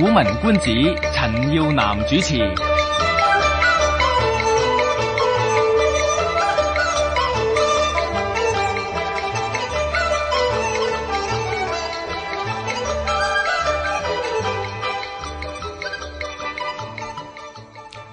古文觀止，陳耀南主持。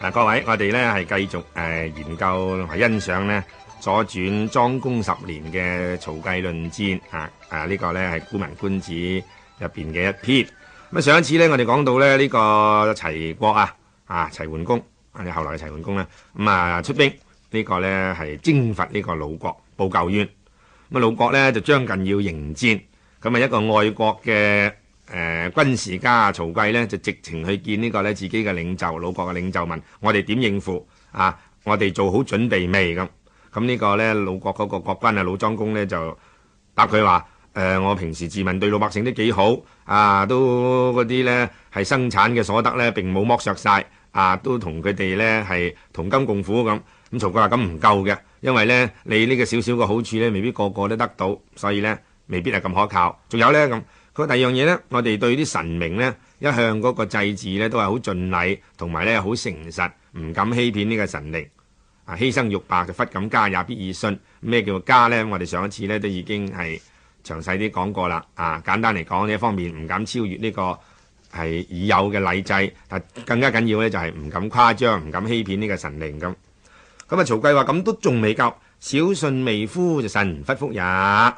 嗱，各位，我哋咧係繼續誒研究同埋欣賞咧左轉莊公十年嘅曹劌論戰啊！啊，呢個咧係古文觀止入邊嘅一篇。咁啊上一次咧，我哋講到咧呢個齊國啊，啊齊桓公，啊後後來齊桓公呢，咁啊出兵呢、呢個呢，係征伐呢個魯國補員，報舊冤。咁啊魯國呢，就將近要迎戰，咁啊一個外國嘅誒軍事家曹劌呢，就直情去見呢個呢自己嘅領袖魯國嘅領袖問：我哋點應付啊？我哋做好準備未咁？咁呢個呢，魯國嗰個國君啊魯莊公呢，就答佢話。誒，我平時自問對老百姓都幾好啊，都嗰啲咧係生產嘅所得咧並冇剝削曬啊，都同佢哋咧係同甘共苦咁。咁曹國劌話咁唔夠嘅，因為咧你呢個少少嘅好處咧，未必個個都得到，所以咧未必係咁可靠。仲有咧咁，個第二樣嘢咧，我哋對啲神明咧一向嗰個祭祀咧都係好盡禮，同埋咧好誠實，唔敢欺騙呢個神靈啊，犧牲玉帛就弗敢加也，必以信。咩叫做加咧？我哋上一次咧都已經係，詳細啲講過啦，啊簡單嚟講，一方面唔敢超越呢個係已有嘅禮制，啊更加緊要咧就係唔敢誇張，唔敢欺騙呢個神靈咁。咁啊、嗯、曹劌話咁都仲未夠，小信未孚就神弗福也啊！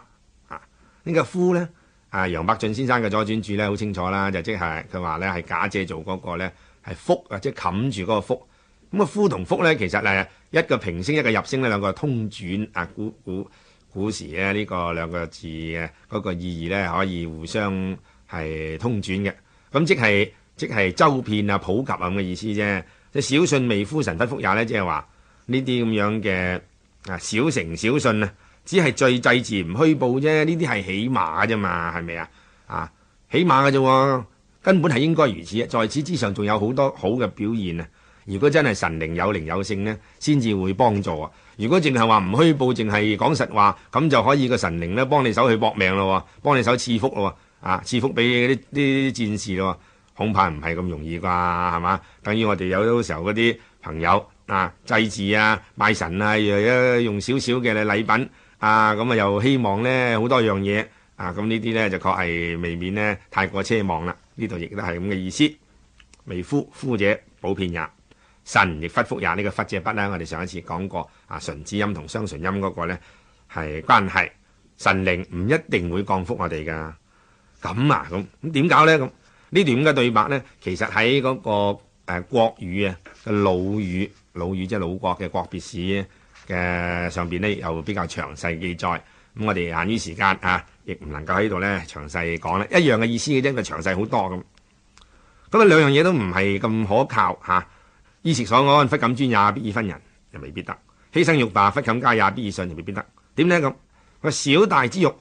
呢、呢個孚呢，啊楊伯峻先生嘅左傳注呢好清楚啦，就即係佢話呢係假借做嗰個咧係福啊，即係冚住嗰個福。咁啊孚同福呢，其實係一個平聲一個入聲咧兩個通轉啊古古。古時咧，呢、這個兩個字嘅嗰、那個意義咧，可以互相係通轉嘅。咁即係即係周遍啊、普及啊咁嘅意思啫。即小信未孚神弗福也咧，即係話呢啲咁樣嘅啊小誠小信啊，只係最濟字唔虛報啫。呢啲係起碼啫嘛，係咪啊？啊，起碼咋啫，根本係應該如此。在此之上，仲有好多好嘅表現啊！如果真係神靈有靈有性呢，先至會幫助啊！如果淨係話唔虛報，淨係講實話，咁就可以個神靈呢幫你手去搏命咯，幫你手賜福咯啊！賜福俾啲啲戰士咯，恐怕唔係咁容易啩，係嘛？等於我哋有時候嗰啲朋友啊祭祀啊拜神啊，又一用少少嘅禮品啊，咁啊又希望呢好多樣嘢啊，咁呢啲呢，就確係未免呢太過奢望啦。呢度亦都係咁嘅意思。微夫夫者，普遍也。神亦忽復也呢，呢個忽字筆呢，我哋上一次講過啊，純之音同雙唇音嗰個呢，係關係神靈唔一定會降福我哋噶。咁啊，咁咁點搞呢？咁呢段咁嘅對白呢，其實喺嗰，嗰個誒，啊，國語啊嘅魯語，魯語即係魯國嘅國別史嘅上邊呢，又比較詳細記載咁。我哋限於時間啊，亦唔能夠喺度呢詳細講一樣嘅意思嘅啫，佢詳細好多咁咁啊，兩樣嘢都唔係咁可靠衣食所安，弗敢專也，必以分人，又未必得；犧牲玉帛，弗敢加也，必以信，又未必得。點呢？咁？佢話小大之獄，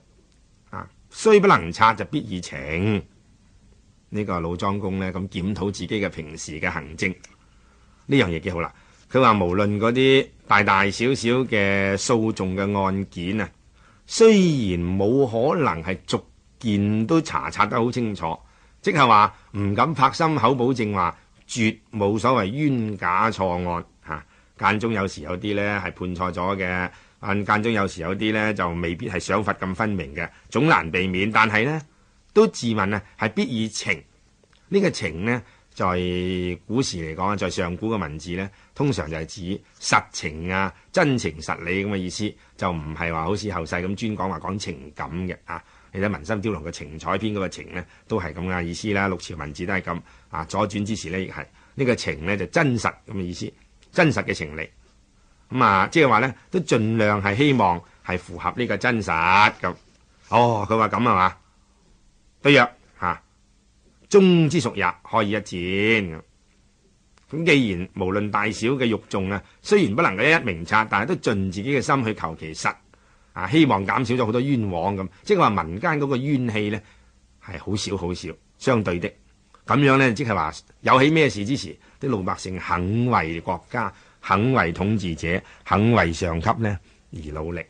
啊，雖不能察，就必以情。呢、這個老莊公呢，咁檢討自己嘅平時嘅行徑，呢樣嘢幾好啦。佢話無論嗰啲大大小小嘅訴訟嘅案件啊，雖然冇可能係逐件都查察得好清楚，即係話唔敢拍心口保證話。絕冇所謂冤假錯案啊，間中有時有啲呢係判錯咗嘅，但間中有時有啲呢就未必係賞罰咁分明嘅，總難避免。但係呢，都自問啊，係必以情呢、呢個情呢，在古時嚟講啊，在上古嘅文字呢，通常就係指實情啊、真情實理咁嘅意思，就唔係話好似後世咁專講話講情感嘅啊。你睇《文心雕龍》嘅情采篇嗰個情呢都係咁嘅意思啦。六朝文字都係咁啊。左傳之時呢亦係呢個情呢就是、真實咁嘅意思，真實嘅情力。咁、嗯、啊，即係話呢，都盡量係希望係符合呢個真實咁。哦，佢話咁啊嘛。對曰，吓、啊，忠之屬也，可以一戰。咁既然無論大小嘅欲眾啊，雖然不能夠一一明察，但係都盡自己嘅心去求其實。啊！希望減少咗好多冤枉咁，即係話民間嗰個怨氣呢係好少好少，相對的咁樣呢，即係話有起咩事之時，啲老百姓肯為國家、肯為統治者、肯為上級呢而努力。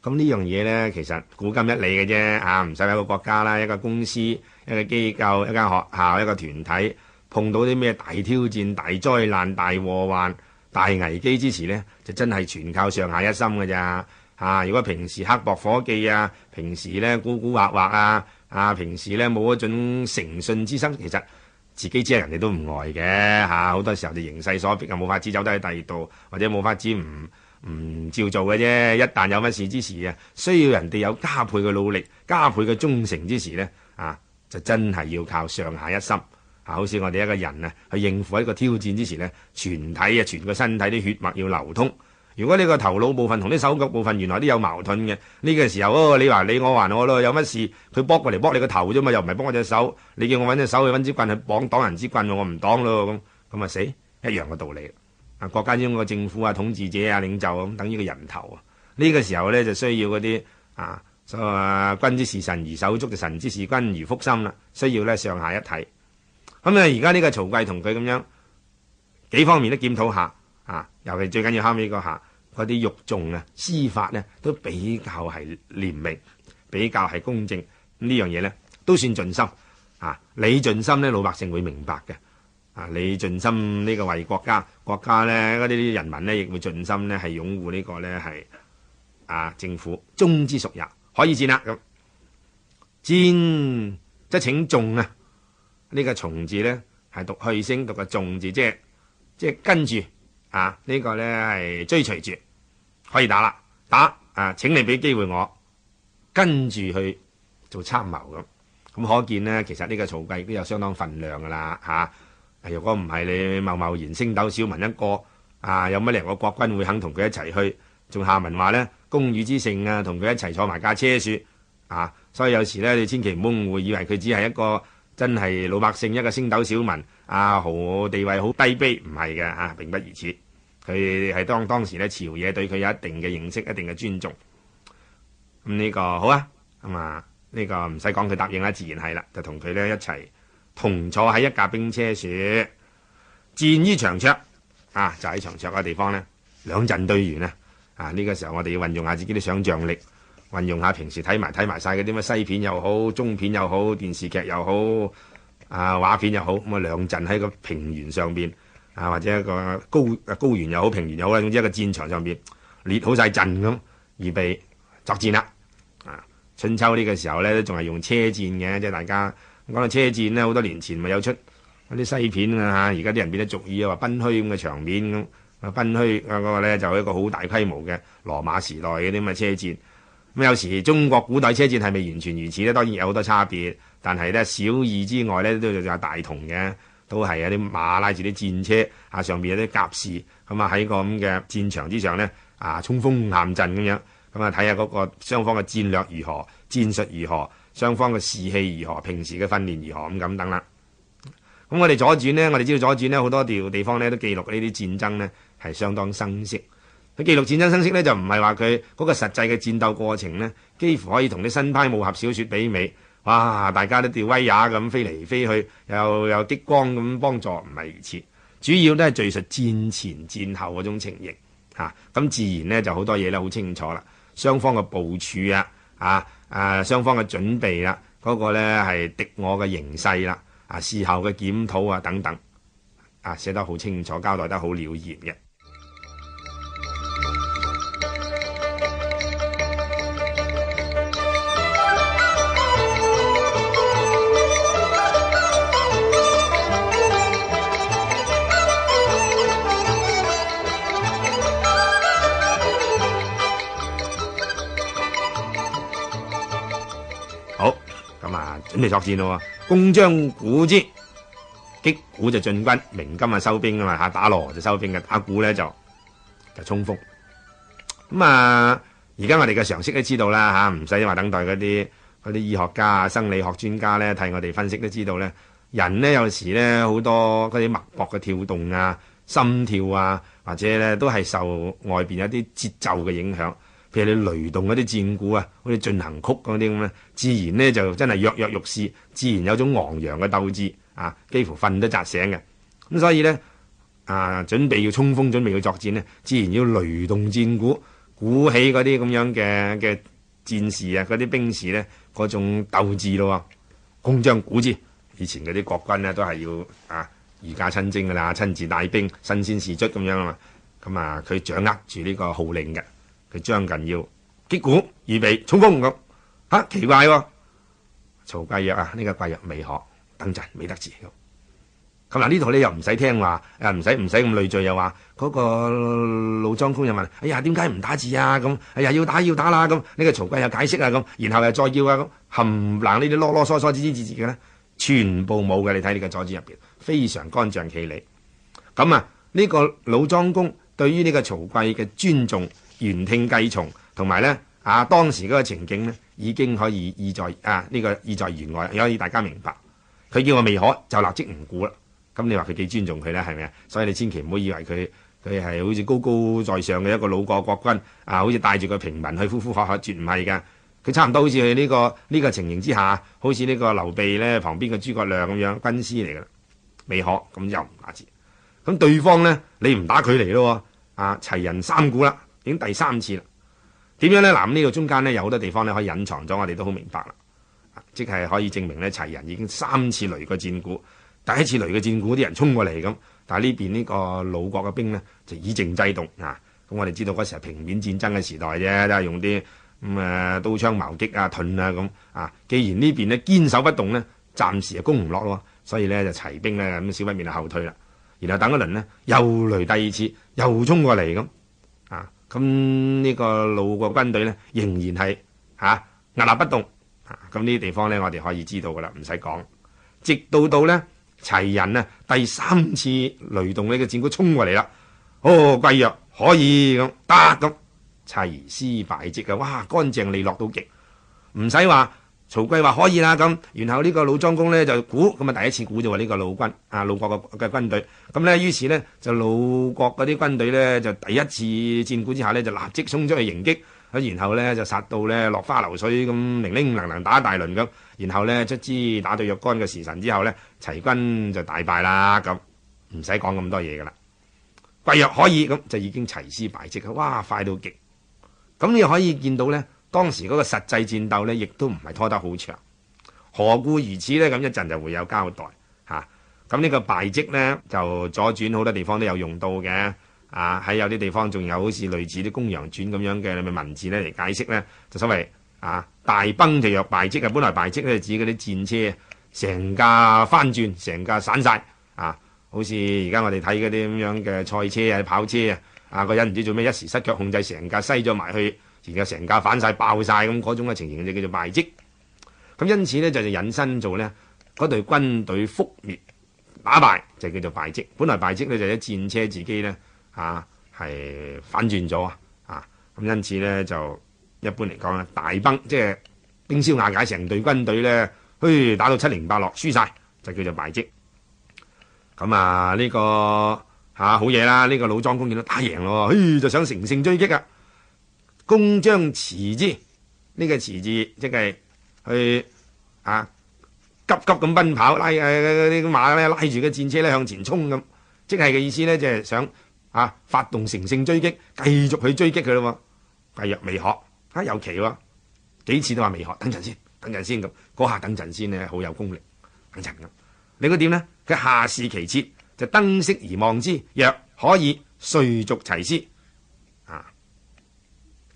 咁呢樣嘢呢，其實古今一理嘅啫。啊，唔使一個國家啦，一個公司、一個機構、一間學校、一個團體，碰到啲咩大挑戰、大災難、大禍患、大危機之時呢，就真係全靠上下一心嘅咋～啊！如果平時刻薄夥計啊，平時呢，古古惑惑啊，啊平時呢，冇一種誠信之心，其實自己知人哋都唔呆嘅吓。好多時候你形勢所逼啊，冇法子走低第二度，或者冇法子唔唔照做嘅啫。一旦有乜事之時啊，需要人哋有加倍嘅努力、加倍嘅忠誠之時呢，啊就真係要靠上下一心啊！好似我哋一個人啊，去應付一個挑戰之時呢，全體啊，全個身體啲血脈要流通。如果你個頭腦部分同啲手腳部分原來都有矛盾嘅，呢、這個時候哦，你話你我話我咯，有乜事佢卜過嚟卜你個頭啫嘛，又唔係卜我隻手，你叫我搵隻手去搵支棍去綁擋人之棍，我唔擋咯，咁咁啊死，一樣嘅道理。啊，國家中個政府啊，統治者啊，領袖咁、啊，等於個人頭啊。呢、這個時候呢，就需要嗰啲啊，所謂君之視臣如手足就臣之視君如腹心啦，需要呢上下一體。咁啊，而家呢個曹劌同佢咁樣幾方面都檢討下啊，尤其最緊要後尾下。嗰啲獄眾啊，司法呢都比較係廉明，比較係公正，咁呢樣嘢呢都算盡心啊！你盡心呢，老百姓會明白嘅啊！你盡心呢個為國家，國家呢嗰啲人民呢，亦會盡心呢係擁護呢個呢係啊政府忠之屬也，可以戰啦咁戰即、就是、請重啊！呢、呢個從字呢，係讀去聲，讀個重字，即係即係跟住。啊！呢、這個呢係追隨住，可以打啦，打啊！請你俾機會我跟住去做參謀咁。咁、啊、可見呢，其實呢個曹劌都有相當份量噶啦嚇。如果唔係你貿貿然星斗小民一個啊，有乜理由個國君會肯同佢一齊去？仲下文話呢，公與之乘啊，同佢一齊坐埋架車船啊！所以有時呢，你千祈唔好誤會，以為佢只係一個真係老百姓一個星斗小民。阿、啊、豪地位好低卑，唔係嘅吓，並不如此。佢係當當時呢朝野對佢有一定嘅認識、一定嘅尊重。咁呢、這個好啊，咁啊呢個唔使講，佢答應啦，自然係啦，就同佢呢一齊同坐喺一架兵車樹，戰於長勺啊，就喺長勺嘅地方呢。兩陣對圓呢，啊！呢、這個時候我哋要運用下自己啲想像力，運用下平時睇埋睇埋曬嗰啲咩西片又好、中片又好、電視劇又好。啊，畫片又好，咁啊兩陣喺個平原上邊啊，或者一個高高原又好，平原又好啦，總之一個戰場上邊列好晒陣咁，而被作戰啦。啊，春秋呢個時候呢，都仲係用車戰嘅，即係大家講到車戰呢，好多年前咪有出嗰啲西片啊。而家啲人變得俗語啊，話賓虛咁嘅場面咁啊，賓虛啊嗰個呢，就是、一個好大規模嘅羅馬時代嘅啲咁嘅車戰。咁有時中國古代車戰係咪完全如此呢？當然有好多差別。但係呢小二之外呢，都有大同嘅，都係有啲馬拉住啲戰車啊，上面有啲甲士咁啊，喺個咁嘅戰場之上呢啊，衝鋒陷陣咁樣咁啊，睇下嗰個雙方嘅戰略如何、戰術如何、雙方嘅士氣如何、平時嘅訓練如何咁等等啦。咁我哋左傳呢，我哋知道左傳呢好多條地方呢都記錄呢啲戰爭呢係相當生色。佢記錄戰爭生色呢，就唔係話佢嗰個實際嘅戰鬥過程呢，幾乎可以同啲新派武俠小説媲美。哇！大家都吊威亞咁飛嚟飛去，又有激光咁幫助，唔係如此。主要都係敘述戰前戰後嗰種情形吓、咁、啊、自然呢就好多嘢都好清楚啦。雙方嘅部署啊，啊誒、啊、雙方嘅準備啦、啊，嗰、嗰個呢係敵我嘅形勢啦、啊，啊事後嘅檢討啊等等，啊寫得好清楚，交代得好了然嘅。咁咪作戰咯，公將鼓之，擊鼓就進軍，鳴金啊收兵啊嘛，吓打鑼就收兵嘅，打鼓咧就就衝鋒。咁啊，而家我哋嘅常識都知道啦，吓唔使話等待嗰啲嗰啲醫學家啊、生理學專家咧替我哋分析都知道咧，人呢，有時咧好多嗰啲脈搏嘅跳動啊、心跳啊，或者咧都係受外邊一啲節奏嘅影響。譬如你雷動嗰啲戰鼓啊，好似進行曲嗰啲咁咧，自然呢就真係躍躍欲試，自然有種昂揚嘅鬥志啊，幾乎瞓都扎醒嘅。咁所以呢啊，準備要衝鋒，準備要作戰呢，自然要雷動戰鼓，鼓起嗰啲咁樣嘅嘅戰士啊，嗰啲兵士呢，嗰種鬥志咯。公將鼓之，以前嗰啲國軍呢都係要啊，御駕親征噶啦，親自帶兵，身先士卒咁樣啊嘛。咁啊，佢掌握住呢個號令嘅。佢將近要擊鼓預備衝鋒咁，吓奇怪喎，哦！曹劌曰：啊、這、呢個劌曰未學，等陣未得字咁。咁嗱呢度你又唔使聽話，誒唔使唔使咁累贅又話嗰、那個老莊公又問：哎呀點解唔打字啊？咁哎呀要打要打啦咁。呢、這個曹劌又解釋啊咁，然後又再叫啊咁冚冷呢啲囉囉嗦嗦字字字嘅呢，全部冇嘅。你睇呢個左傳入邊非常乾淨企理。咁啊呢、這個老莊公對於呢個曹劌嘅尊重。言聽計從，同埋呢，啊，當時嗰個情景呢，已經可以意在啊呢、這個意在言外，可以大家明白。佢叫我未可，就立即唔顧啦。咁、嗯、你話佢幾尊重佢呢？係咪啊？所以你千祈唔好以為佢佢係好似高高在上嘅一個老國國君啊，好似帶住個平民去呼呼喝喝，絕唔係㗎。佢差唔多好似呢、這個呢、這個情形之下，好似呢個劉備呢，旁邊嘅諸葛亮咁樣軍師嚟嘅。未可咁、嗯、又唔打字咁、嗯、對方呢，你唔打佢嚟咯？啊，齊人三鼓啦。已經第三次啦，點樣呢？嗱呢度中間呢，有好多地方咧可以隱藏咗，我哋都好明白啦，即係可以證明咧，齊人已經三次雷過戰鼓，第一次雷個戰鼓，啲人衝過嚟咁，但係呢邊呢個魯國嘅兵呢，就以靜制動啊！咁我哋知道嗰時係平面戰爭嘅時代啫，都係用啲咁啊刀槍矛戟啊盾啊咁啊。既然呢邊咧堅守不動呢，暫時就攻唔落咯，所以呢就齊兵呢，咁少不免就後退啦，然後等一輪呢，又雷第二次，又衝過嚟咁。咁呢個魯國軍隊呢，仍然係嚇屹立不動，啊！咁呢啲地方呢，我哋可以知道噶啦，唔使講。直到到呢齊人啊第三次雷動呢個戰鼓衝過嚟啦，哦，貴若、啊、可以咁得咁齊師敗績嘅、啊，哇，乾淨利落到極，唔使話。曹劌話可以啦，咁然後呢個老莊公呢，就鼓，咁啊第一次鼓就話呢個魯軍啊魯國嘅軍隊，咁呢，於是呢，就魯國嗰啲軍隊呢，就第一次戰鼓之下呢，就立即衝出去迎擊，咁然後呢，就殺到呢落花流水咁，零零零零打大輪咁，然後呢，卒之打到若干嘅時辰之後呢，齊軍就大敗啦，咁唔使講咁多嘢噶啦，劌曰可以，咁就已經齊師敗績，哇快到極，咁你可以見到呢。當時嗰個實際戰鬥咧，亦都唔係拖得好長。何故如此呢？咁一陣就會有交代嚇。咁、啊、呢個敗績呢，就左傳好多地方都有用到嘅。啊，喺有啲地方仲有好似類似啲公羊傳咁樣嘅文字呢，嚟解釋呢，就所謂啊大崩就曰敗績啊。本來敗績咧，指嗰啲戰車成架翻轉，成架散晒。啊。好似而家我哋睇嗰啲咁樣嘅賽車啊、跑車啊，啊個人唔知做咩一時失腳，控制成架西咗埋去。然後成架反晒爆晒，咁嗰種嘅情形就叫做敗績。咁因此呢，就就引申做呢，嗰隊軍隊覆滅打敗就叫做敗績。本來敗績呢，就係戰車自己呢，嚇係反轉咗啊！啊咁因此呢，就一般嚟講啊，大崩即係、就是、冰消瓦解，成隊軍隊呢，嘿打到七零八落，輸晒，就叫做敗績。咁啊呢個嚇好嘢啦！呢、這個老莊公見到打贏咯，嘿就想乘勝追擊啊！公將馳之，呢、這個馳字即係去啊，急急咁奔跑拉誒啲馬咧，拉住嘅、啊、戰車咧向前衝咁，即係嘅意思呢，就係想啊，發動乘勝追擊，繼續去追擊佢咯喎。若未可，啊有其喎、啊，幾次都話未可，等陣先，等陣先咁，嗰下，下等陣先呢，好有功力，等陣咁。你覺得點咧？佢下視其轍就登軾而望之，若可以齊思，遂逐齊師。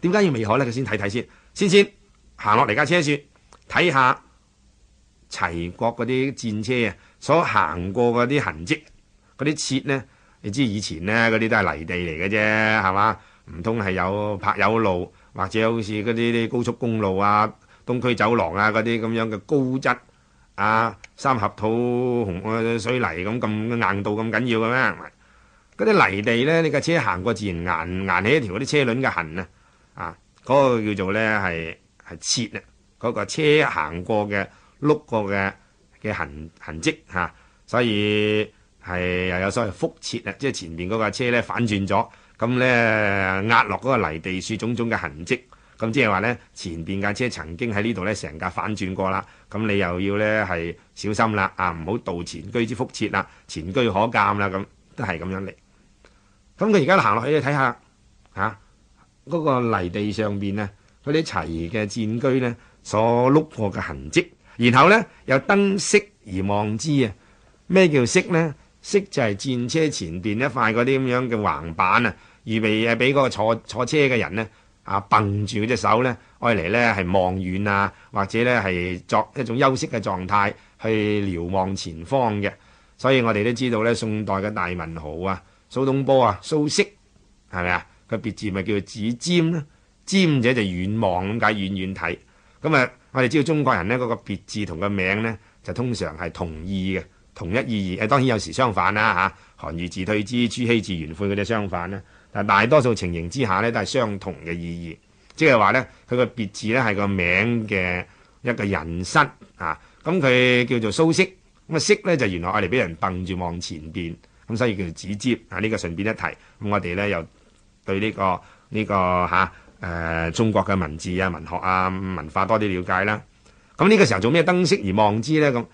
點解要未可呢？佢先睇睇先，先先行落嚟架車，說睇下齊國嗰啲戰車啊，所行過嗰啲痕迹，嗰啲轍呢，你知以前呢，嗰啲都係泥地嚟嘅啫，係嘛？唔通係有柏油路，或者好似嗰啲啲高速公路啊、東區走廊啊嗰啲咁樣嘅高質啊三合土紅水泥咁咁硬度咁緊要嘅咩？嗰啲泥地呢，你架車行過自然硬硬起一條嗰啲車輪嘅痕啊！啊！嗰、那個叫做咧係係轍啊，那個車行過嘅碌過嘅嘅痕痕跡吓、啊，所以係又有所謂復轍啊，即、就、係、是、前面嗰架車咧反轉咗，咁咧壓落嗰個泥地樹種種嘅痕跡，咁即係話咧前邊架車曾經喺呢度咧成架反轉過啦，咁你又要咧係小心啦，啊唔好蹈前車之復轍啦，前車可鑒啦，咁都係咁樣嚟。咁佢而家行落去睇下，吓、啊。嗰、那個泥地上面，呢佢啲齊嘅戰車呢，所碌破嘅痕跡，然後呢，又登軾而望之啊！咩叫軾呢？軾就係戰車前邊一塊嗰啲咁樣嘅橫板啊，預備啊俾嗰個坐坐車嘅人呢，啊，揼住嗰隻手呢，愛嚟呢，係望遠啊，或者呢，係作一種休息嘅狀態去瞭望前方嘅。所以我哋都知道呢，宋代嘅大文豪啊，蘇東坡啊，蘇軾，係咪啊？個別字咪叫做子瞻咧，瞻者就是遠望咁解，遠遠睇。咁啊，我哋知道中國人呢嗰個別字同個名呢，就通常係同義嘅，同一意義。誒，當然有時相反啦嚇，韓愈字退之，朱熹字元晦嗰啲相反啦。但係大多數情形之下呢，都係相同嘅意義，即係話呢，佢個別字呢係個名嘅一個人身啊。咁佢叫做蘇軾，咁啊軾呢，就原來我哋俾人揼住望前邊，咁所以叫做子瞻啊。呢個順便一提，咁我哋呢又。對呢、這個呢、這個嚇、啊呃、中國嘅文字啊文學啊文化多啲了解啦，咁呢個時候做咩登軾而望之咧？咁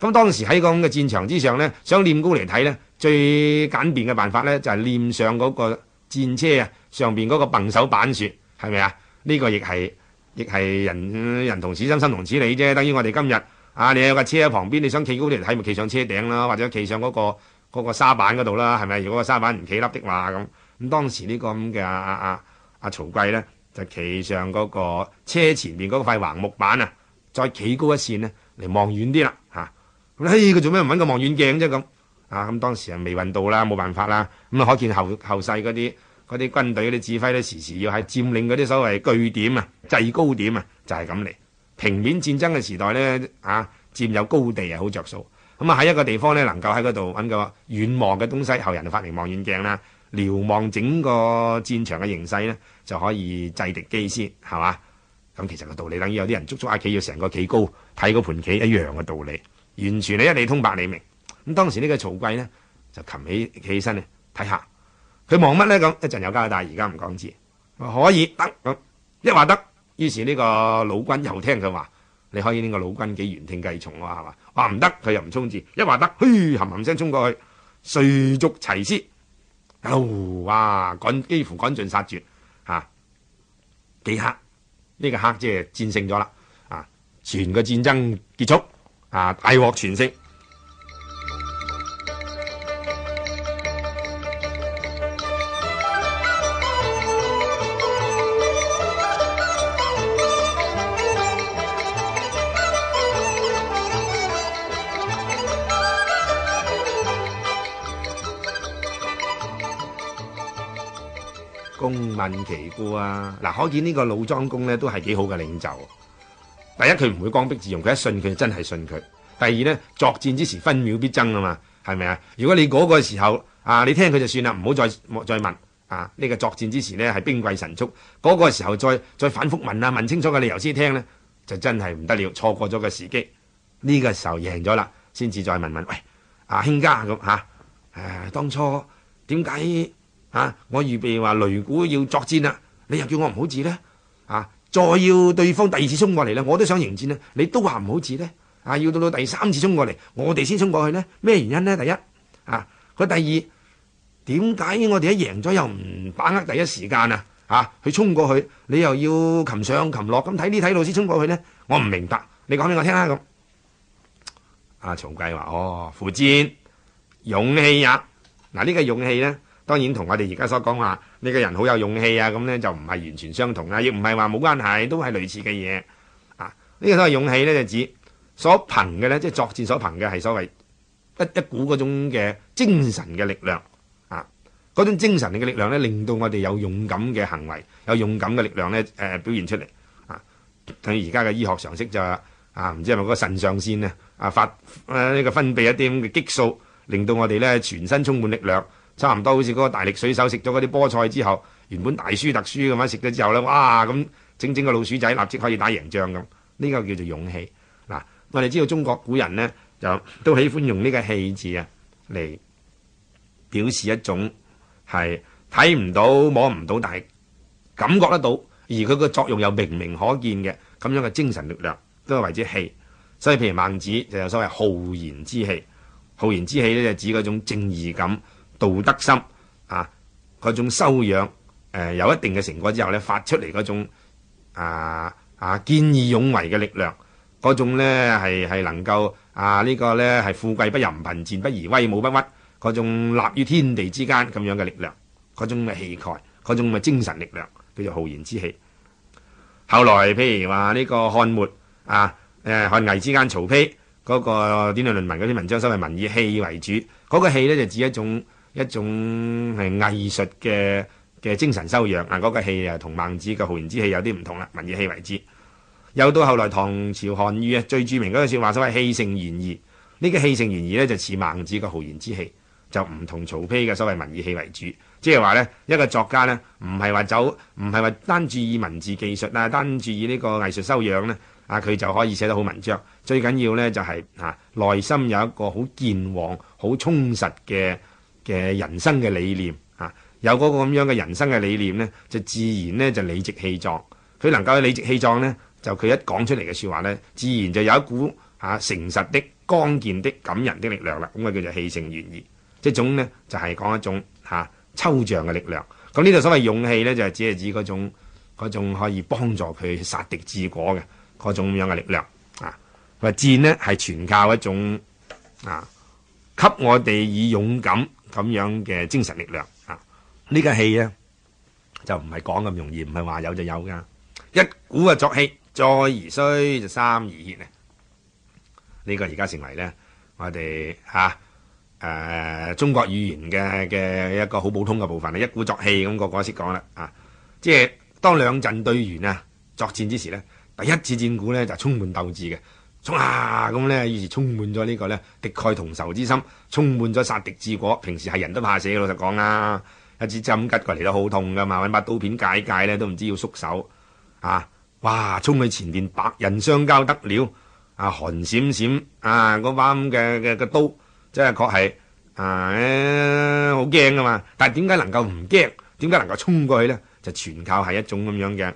咁當時喺個咁嘅戰場之上呢，想念高嚟睇呢，最簡便嘅辦法咧就係、是、念上嗰個戰車啊上面嗰個笨手板船係咪啊？呢、這個亦係亦係人人同此心心同此理啫，等於我哋今日啊，你有架車喺旁邊，你想企高啲嚟睇咪企上車頂啦，或者企上嗰、那個那個沙板嗰度啦，係咪？如果個沙板唔企笠的話咁。咁當時呢、這個咁嘅阿啊啊阿、啊、曹劌呢，就騎上嗰個車前面嗰個塊橫木板啊，再企高一線呢嚟望遠啲啦嚇！咁嘿，佢做咩唔搵個望遠鏡啫咁啊？咁、哎啊啊、當時啊，未運到啦，冇辦法啦。咁啊，可見後後世嗰啲嗰啲軍隊嗰啲指揮呢，時時要係佔領嗰啲所謂據點啊、制高點啊，就係咁嚟。平面戰爭嘅時代呢，啊，佔有高地有啊，好着數。咁啊，喺一個地方呢，能夠喺嗰度搵個遠望嘅東西，後人就發明望遠鏡啦。瞭望整個戰場嘅形勢呢，就可以制敵機先，係嘛？咁其實個道理等於有啲人捉捉阿棋要成個企高睇個盤棋一樣嘅道理，完全咧一理通百理明。咁當時呢個曹劌呢，就擒起起身呢睇下，佢望乜呢？咁一陣有交代而家唔講字。可以得咁一話得，於是呢個老君又聽佢話，你可以呢個老君幾言聽計從啊？係嘛？話唔得佢又唔衝字，一話得，嘘，冚冚聲衝過去，遂逐齊師。哦！哇，趕幾乎趕盡殺絕吓、啊，既克呢、呢個克即係戰勝咗啦！啊，全個戰爭結束啊，大獲全勝。問其故啊！嗱，可見呢個老莊公呢，都係幾好嘅領袖。第一，佢唔會剛愎自用，佢一信佢真係信佢。第二呢，作戰之時分秒必爭啊嘛，係咪啊？如果你嗰個時候啊，你聽佢就算啦，唔好再再問啊。呢個作戰之時呢，係兵貴神速，嗰個時候再再反覆問啊，問清楚嘅理由先聽呢，就真係唔得了，錯過咗個時機。呢個時候贏咗啦，先至再問問喂，阿、啊、卿家咁吓？誒、啊哎，當初點解？啊！我預備話擂鼓要作戰啦，你又叫我唔好治呢？啊！再要對方第二次衝過嚟啦，我都想迎戰呢。你都話唔好治呢？啊！要到到第三次衝過嚟，我哋先衝過去呢？咩原因呢？第一啊，佢第二點解我哋一贏咗又唔把握第一時間啊？嚇去衝過去，你又要擒上擒落咁睇呢？睇路先衝過去呢，我唔明白，你講俾我聽啦、啊、咁。阿曹劌話：哦，夫戰勇氣也、啊、嗱，呢、啊這個勇氣呢。當然同我哋而家所講話，呢個人好有勇氣啊！咁呢就唔係完全相同啦，亦唔係話冇關係，都係類似嘅嘢啊！呢個都係勇氣呢，就指所憑嘅呢，即係作戰所憑嘅係所謂一一股嗰種嘅精神嘅力量啊！嗰種精神嘅力，力量呢，令到我哋有勇敢嘅行為，有勇敢嘅力量呢，呃、表現出嚟啊！等於而家嘅醫學常識就係、啊，唔知係咪嗰個腎上腺呢啊發、啊呢個分泌一啲咁嘅激素，令到我哋呢全身充滿力量。差唔多好似嗰個大力水手食咗嗰啲菠菜之後，原本大輸特輸咁樣食咗之後呢，哇咁整整個老鼠仔立即可以打贏仗咁。呢個叫做勇氣。嗱，我哋知道中國古人呢，就都喜歡用呢個氣字啊，嚟表示一種係睇唔到、摸唔到，但係感覺得到，而佢個作用又明明可見嘅咁樣嘅精神力量，都係為之氣。所以譬如孟子就有所謂浩然之氣，浩然之氣呢就指嗰種正義感。道德心啊，嗰種修養，誒、呃、有一定嘅成果之後呢，發出嚟嗰種啊啊，見、啊、義勇為嘅力量，嗰種咧係能夠啊呢、這個呢係富貴不淫貧，貧賤不移，威武不屈，嗰種立於天地之間咁樣嘅力量，嗰種嘅氣概，嗰種嘅精神力量，叫做浩然之氣。後來譬如話呢個漢末啊，誒漢魏之間，曹丕嗰個《典論論文》嗰啲文章，所謂文以氣為主，嗰、那個氣咧就指一種。一種係藝術嘅嘅精神修養啊，嗰個氣啊，同孟子嘅浩然之氣有啲唔同啦。文以氣為之，又到後來唐朝韓愈咧最著名嗰句説話，所謂氣盛言宜。呢個氣盛言宜呢，就似孟子嘅浩然之氣，就唔同曹丕嘅所謂文以氣為主。即係話呢一個作家呢，唔係話走唔係話單注意文字技術啊，單注意呢個藝術修養呢，啊，佢就可以寫得好文章。最緊要呢，就係啊，內心有一個好健旺、好充實嘅。嘅人生嘅理念啊，有嗰個咁樣嘅人生嘅理念呢，就自然呢就理直氣壯。佢能夠理直氣壯呢，就佢一講出嚟嘅説話呢，自然就有一股嚇、啊、誠實的、剛健的、感人的力量啦。咁啊叫做氣盛言宜，即種呢就係、是、講一種嚇、啊、抽象嘅力量。咁呢度所謂勇氣呢，就係只係指嗰種，嗰種可以幫助佢殺敵致果嘅嗰種咁樣嘅力量啊。話戰呢係全靠一種啊，給我哋以勇敢。咁樣嘅精神力量啊！呢個氣咧就唔係講咁容易，唔係話有就有噶。一鼓啊作氣，再而衰就三而竭啊！呢個而家成為咧我哋吓誒中國語言嘅嘅一個好普通嘅部分啦。一鼓作氣咁個個識講啦啊！即係當兩陣對圓啊作戰之時咧，第一次戰鼓咧就充滿鬥志嘅。哇！咁咧，於是充滿咗呢個咧，敵愾同仇之心，充滿咗殺敵之果。平時係人都怕死，老實講啦，一支針拮過嚟都好痛噶嘛，揾把刀片解解咧，都唔知要縮手啊！哇！衝去前邊，白刃相交得了啊！寒閃閃啊，嗰把咁嘅嘅嘅刀，真係確係啊，好驚噶嘛！但係點解能夠唔驚？點解能夠衝過去咧？就全靠係一種咁樣嘅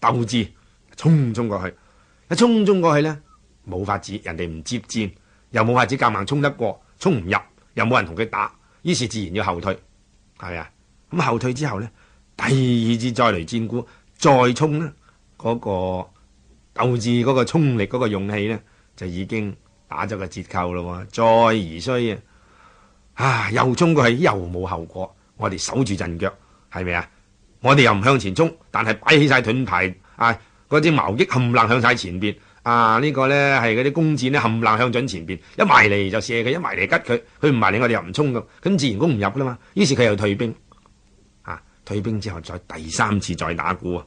鬥志，衝衝過去，一衝衝過去咧～冇法子，人哋唔接戰，又冇法子夾硬衝得過，衝唔入，又冇人同佢打，於是自然要後退，係咪啊？咁後退之後呢，第二次再嚟戰鼓，再衝呢，嗰個鬥志、嗰個衝力、嗰個勇氣呢，就已經打咗個折扣咯喎，再而衰啊！啊，又衝過去又冇後果，我哋守住陣腳，係咪啊？我哋又唔向前衝，但係擺起晒盾牌啊，嗰啲矛戟冚冷向晒前邊。啊！呢、呢個呢，係嗰啲弓箭呢，冚唥向準前邊，一埋嚟就射佢，一埋嚟拮佢，佢唔埋嚟，我哋又唔衝㗎。咁自然攻唔入啦嘛。於是佢又退兵，啊，退兵之後再第三次再打鼓，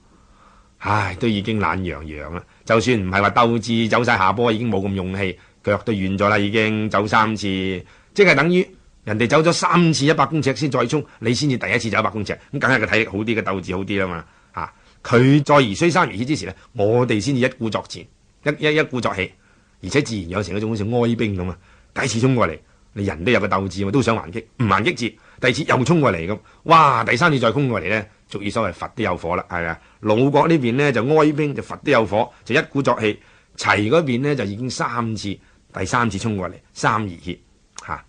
唉、啊，都已經懶洋洋啦。就算唔係話鬥志走晒下坡，已經冇咁勇氣，腳都軟咗啦，已經走三次，即係等於人哋走咗三次一百公尺先再衝，你先至第一次走一百公尺，咁梗係個體力好啲，個鬥志好啲啦嘛。啊，佢再而衰三而竭之時呢，我哋先至一鼓作氣。一一一鼓作氣，而且自然有成一種好似哀兵咁啊！第一次衝過嚟，你人都有個鬥志，咪都想還擊，唔還擊住，第二次又衝過嚟咁，哇！第三次再衝過嚟呢，足以所謂佛都有火啦，係啊！魯國呢邊呢，就哀兵，就佛都有火，就一鼓作氣，齊嗰邊咧就已經三次，第三次衝過嚟，三而竭嚇，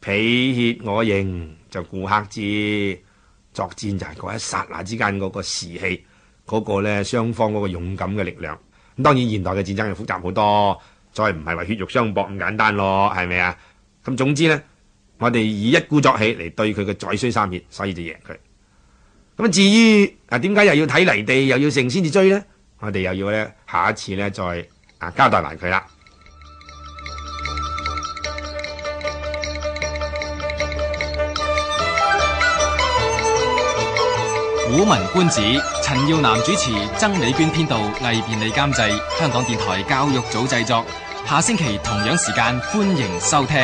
彼、啊、竭我盈，就故克之。作戰就係嗰一剎那之間嗰個士氣，嗰、那個咧雙方嗰個勇敢嘅力量。當然，現代嘅戰爭又複雜好多，再唔係話血肉相搏咁簡單咯，係咪啊？咁總之呢，我哋以一鼓作氣嚟對佢嘅再衰三竭，所以就贏佢。咁至於啊，點解又要睇泥地，又要剩先至追呢？我哋又要咧，下一次咧再啊交代埋佢啦。古文觀止。陳耀南主持，曾美娟編導，魏便利監製，香港電台教育組製作。下星期同樣時間，歡迎收聽。